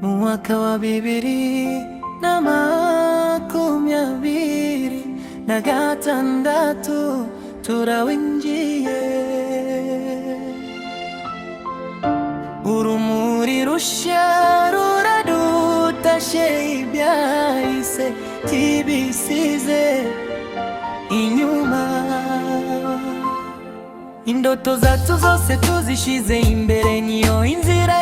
mu mwaka wa bibiri na makumyabiri na gatandatu turawinjiye urumuri rusha ruradutashe ibyahise kibisize inyuma indoto zacu zose tuzishize imbere niyo inzira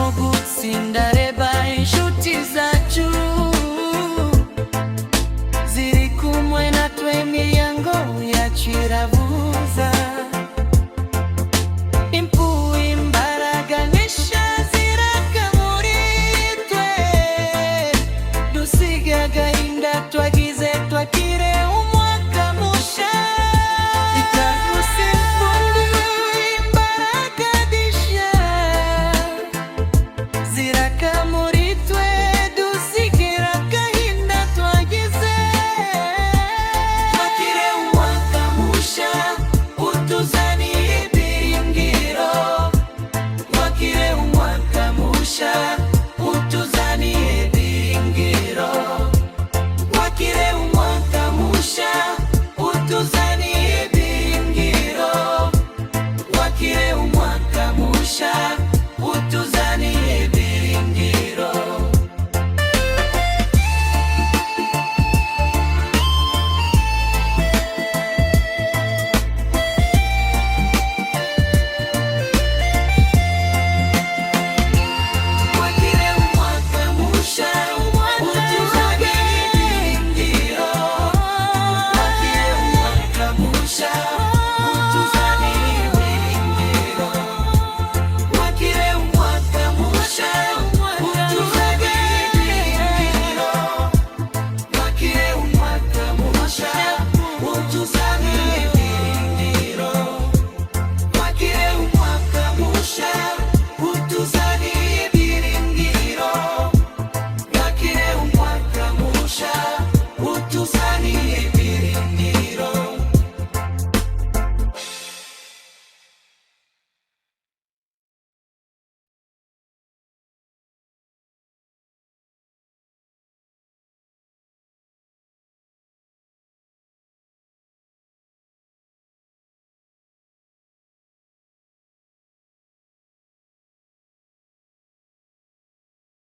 so good, Cinderella.